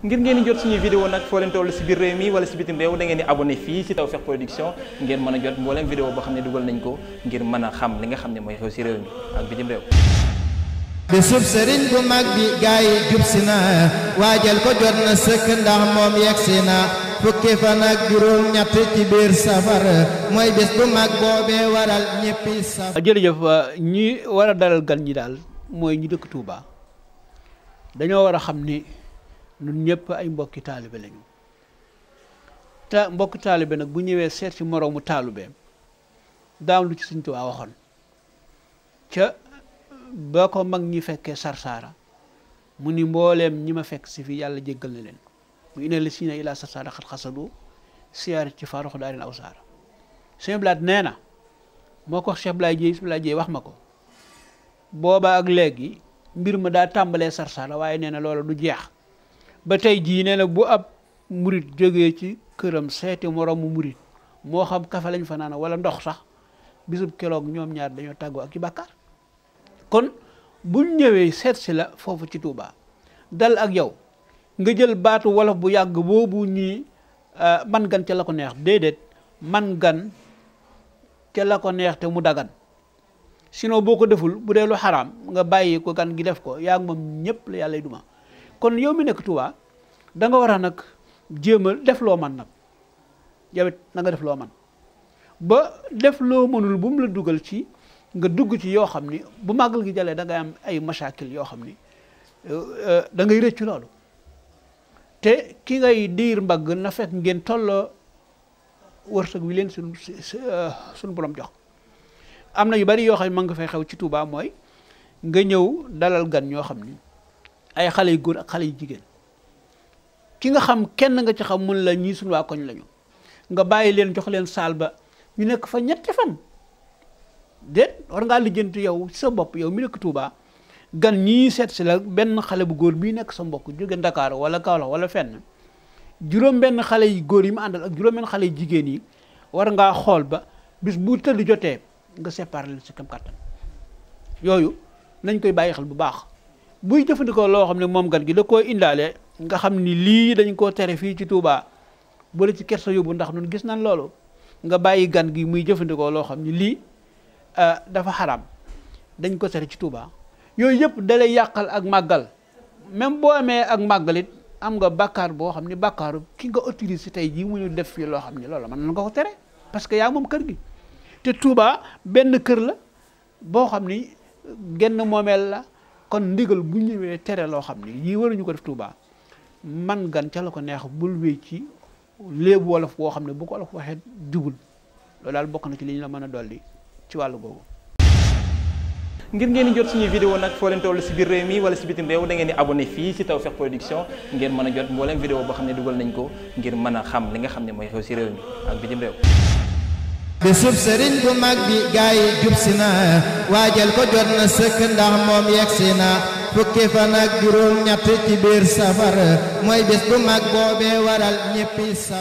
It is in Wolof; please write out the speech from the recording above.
ngir ngeen di jot suñuy vidéo nag foo leen toll si biir réew mi wala si bitim réew da di abonné fii si Tawfekh Production ngeen mën a jot mbooleem vidéo boo xam ne dugal nañ ko ngir mën a xam li nga xam ne mooy xew si réew mi ak bitim réew bi suuf bu mag bi gaay yi jub si na waajal ko jot na sëkk ndax moom yegg na fukki fan ak juróom ñett ci biir safar mooy bés bu mag boobee waral ñëppi safar ah, ah, ñi war a gan ñi daal mooy ñu dëkk Touba dañoo ñun ñëpp ay mbokki taalibe lañu ta mbokki taalibe nag bu ñëwee seet si moroomu taalibeem daam lu ci Sëñ Tuubaa waxoon ca ba ko mag ñi fekkee sarsaara mu ni mbooleem ñi ma fekk si fii yàlla jéggal na leen mu ina li si na ilaa sarsaara xat xasadu siyaari ci faroxu daa leen aw saara sëñ blaat nee na moo ko wax Cheikh Blaye Dieye Blaye Dieye wax ma ko booba ak léegi mbir ma daa tàmbalee sarsaara waaye nee na loola du jeex ba tey jii nee na bu ab murit jógee ci këram seeti moromu murit moo xam kafe lañ fa naan wala ndox sax bisub keroog ñoom ñaar dañoo tàggoo ak ci bàkkaar kon buñ ñëwee seet si la foofu ci tuubaa dal ak yow nga jël baatu wolof bu yàgg boobu ñii euh, man gan ca la ko neex déedéet man gan ca la ko neex te mu dagan sinon boo ko deful bu dee lu xaraam nga bàyyi ko gan gi def ko yaa ngi moom ñëpp la yàlla duma kon yow mi nekk Touba da nga war a nag jéemal def loo man nag yow nanga def loo man ba def loo mënul bu mu la dugal ci nga dugg ci yoo xam ni bu màggal gi jàllee da ngay am ay masaakil yoo xam ni euh, euh, da ngay rëccu loolu te ki ngay diir mbagg na fekk ngeen tolloo war wërsëg wi leen suñu euh, suñu borom jox am na yu bari yoo xam ne ma nga fay xew ci Touba mooy nga ñëw dalal gan ñoo xam ni ay xale yu góor ak xale yu jigéen ki nga xam kenn nga ci xam mun la ñii suñu waa koñ lañu nga bàyyi leen jox leen saal ba ñu nekk fa ñetti fan déet war ngaa lijjanti yow sa bopp yow mi nekk Touba gan ñii seet si la benn xale bu góor bii nekk sa mbokk jóge Dakar wala Kaolack wala fenn juróom benn xale yu góor yi mu àndal ak juróom benn xale yu jigéen yi war ngaa xool ba bis bu tëdd jotee nga séparé leen si kam kàttan yooyu nañ koy bàyyi xel bu baax buy jëfandikoo loo xam ne moom gan gi da koo indaale nga xam ni lii dañ koo tere fii ci Touba bu la ci kersa yóbbu ndax nun gis nañ loolu nga bàyyi gan gi muy jëfandikoo loo xam ni lii euh, dafa xaram dañ ko tere ci Touba yooyu yëpp dalay yàqal ak màggal même boo amee ak màggalit am nga bàkkaar boo xam ni bàkkaaru ki nga autorisé tey jii mu ñu def fii loo xam ni loolu man na nga ko tere parce que yaa moom kër gi te Touba benn kër la boo xam ni genn moomeel la kon ndigal bu ñëwee tere loo xam ni yii waruñu ko def tuuba man gan ca la ko neex bul wéy ci léebu wolof boo xam ne bu ko wolof waxee jubul loolu daal bokk na ci li ñu la mën a dolli ci wàll googu. ngir ngeen di jot suñuy vidéo nag foo leen toll si biir réew mi wala si bitim réew da ngeen di abonné fii si Tawfekh Production ngeen mën a jot mbooleem vidéo boo xam ne dugal nañ ko ngir mën a xam li nga xam ne mooy xew si réew mi ak bitim réew. bisub sëriñ bu mag bi gaa yi jub si na waajal ko jot na sëkk ndax moom yegg si na fukki fan ak juróom ñett ci biir safar mooy bés bu mag boobee waral ñéppi safar